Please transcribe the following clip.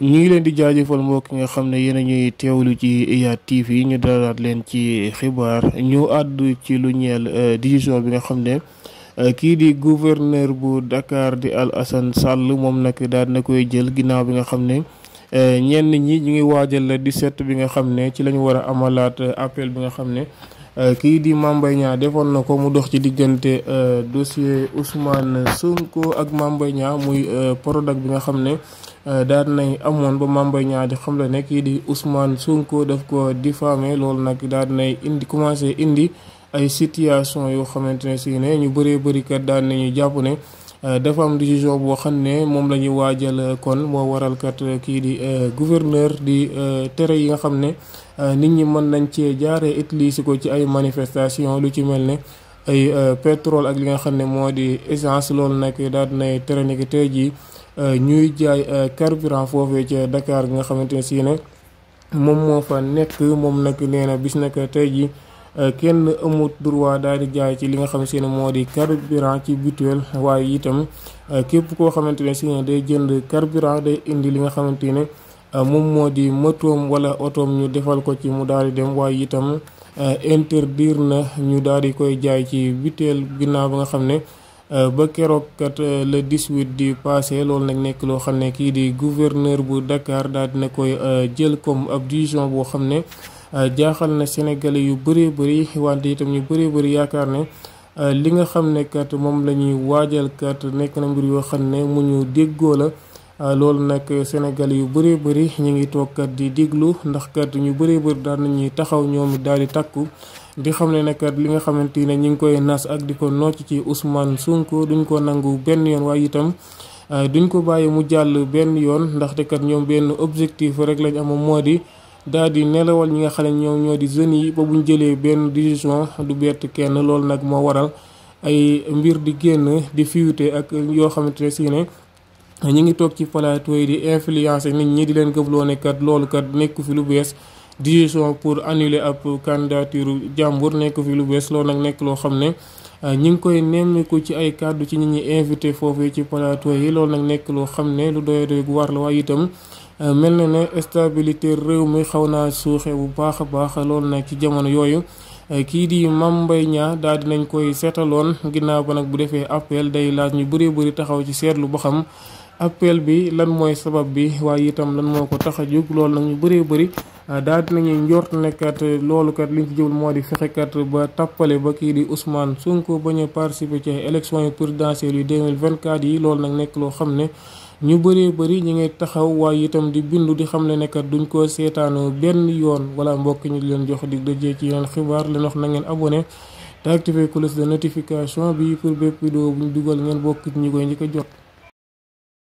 ñu ngi leen di jaajëfal mbokk nga xam ne yéen ñuy teewalu ci IYAT TV ñu dalalaat leen ci xibaar ñu àddu ci lu ñeel euh, décision bi nga xam ne euh, kii di gouverneur bu Dakar di Alassane Sall moom nag daal na koy jël ginnaaw bi nga xam ne euh, ñenn ñi ñu ngi waajal la 17 bi nga xam ne ci la ñu war a amalaat appel bi nga xam ne kii di Mame Mbaye defoon na ko mu dox ci diggante dossier Ousmane Sonko ak Mame Mbaye muy Prodac bi nga xam ne. Euh, daal nay amoon ba Mame Mbaye Niang di xam la ne kii di Ousmane Sonko daf ko diffamé loolu nag daal nay indi commencé indi ay situation yoo xamante ne si ne ñu bëree bëri kat daal nañu jàpp ne euh, dafa am décision boo xam ne moom la ñuy waajal euh, kon moo waral kat kii di gouverneur di tere yi nga xam ne nit ñi mën nañ cee jaaree utiliser ko ci ay manifestation lu ci mel ne ay petrole ak li nga xam ne moo di essence loolu nag daal di nay tere ni tey jii. Euh, ñuy jaay euh, carburant foofee ca Dakar nga xamante ne si ne moom moo fa nekk moom nag nee na bis nag tey ji euh, kenn amut droit daal di jaay ci li nga xam si ne moo di carburant ci butéel waaye itam képp koo xamante ne si day jënd carburant day indi li nga xamante ne moom moo di motoom wala otoom ñu defal ko ci mu daal di dem waaye itam interdire na ñu daal di koy jaay ci butéel ginnaaw ba nga xam ne Euh, ba keroog kat euh, le 18 di passé lool nag nekk loo xam ne kii di gouverneur bu Dakar daal dina koy euh, jël comme ab décision boo xam ne jaaxal na Sénégalais yu bëree bëri wante itam ñu bëree bëri yaakaar ne li nga xam ne kat moom lañuy ñuy waajal kat nekk na mbir yoo xam ne mu ñu déggoo la. Euh, loolu nag Sénégal yu bëree bëri ñu ngi toog kat di diglu ndax kat ñu bëree bëri daan nañuy taxaw ñoom daal di takku di xam ne kat li nga xamante ne ñu ngi koy nas ak di ko nocc ci Ousmane Sonko duñ ko nangu benn yoon waaye itam. Euh, duñ ko bàyyi mu jàll benn yoon ndaxte kat ñoom benn objectif rek lañ amoon moo di daal di nelawal ñi nga xale ñoom ñoo di jeunes yi ba buñ jëlee benn décision du bett kenn loolu nag moo waral ay mbir di génn di fiwte ak yoo xamante ne si ne ñu ngi toog ci plateau yi di influencer nit ñi di leen gëmloo ne kat loolu kat nekku fi lu bees décision pour annuler ab candidature jàmbur nekku fi lu bees loolu nag nekk loo xam ne euh, ñi ngi koy nemmiku ci ay kàddu ci nit ñi invité foofu ci plateau yi loolu nag nekk loo xam ne lu doy doy gu war la waaye itam euh, mel na ne stabilité réew mi xaw naa suuxee bu baax a baax loolu nag ci jamono yooyu euh, kii di Mame Mbaye Niang daal dinañ koy seetaloon ginnaaw ba nag bu defee appel day laaj ñu bëree bëri taxaw ci seetlu ba appel bi lan mooy sabab bi waaye itam lan moo ko tax a jóg loolu nag ñu bëree bëri ah, daal dinañuy njort nekkat loolu kat liñ ci jublu moo di fexekat ba tappale ba kii di Ousmane Sonko bañ a participer ci élection yi présidentielles yu 2024 yi lool nag nekk loo xam ne ñu bëree bëri ñu ngi taxaw waaye itam di bindu di xam ne nekkat duñ ko seetaanoo benn yoon wala mbokk ñu leen jox dig dajee ci yoon xibaar leen wax na ngeen abonné te activer cloche de notification bi pour bépp vidéo bu ñu dugal jot